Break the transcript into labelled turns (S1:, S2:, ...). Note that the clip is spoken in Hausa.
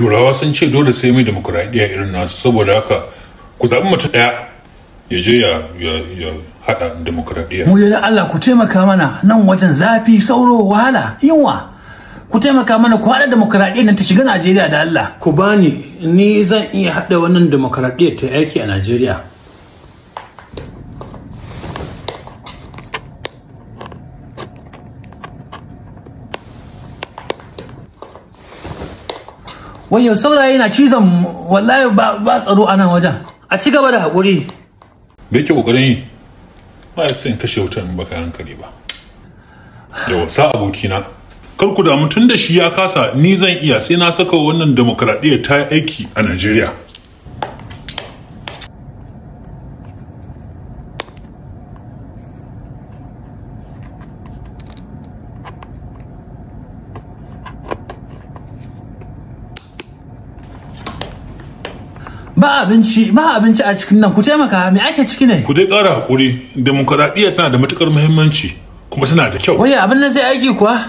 S1: turawa sun ce dole sai mai demokuraɗiyya irin nasu saboda haka ku zaɓi mutum ɗaya ya je ya haɗa demokuraɗiyya.
S2: mu da Allah ku taimaka mana nan wajen
S3: zafi sauro wahala yunwa ku taimaka mana ku haɗa demokuraɗiyya nan ta shiga Najeriya da Allah. ku bani ni zan iya haɗa wannan demokuraɗiyya ta aiki a Najeriya.
S4: wayo saurayi na cizon wallahi ba tsaro a nan wajen a ci gaba da haƙuri
S1: da yake ƙoƙarin yi ba ya sayin kashe wutar in baka hankali ba yau sa abokina kar ku damu tun da shi ya kasa ni zan iya sai na saka wannan demokradiyya ta aiki a najeriya ba abinci ba abinci a cikin nan ku taimaka
S4: me ake ciki ne ku dai ƙara hakuri dimokuraɗiyya tana da matukar muhimmanci kuma tana da kyau wai abin nan zai aiki kuwa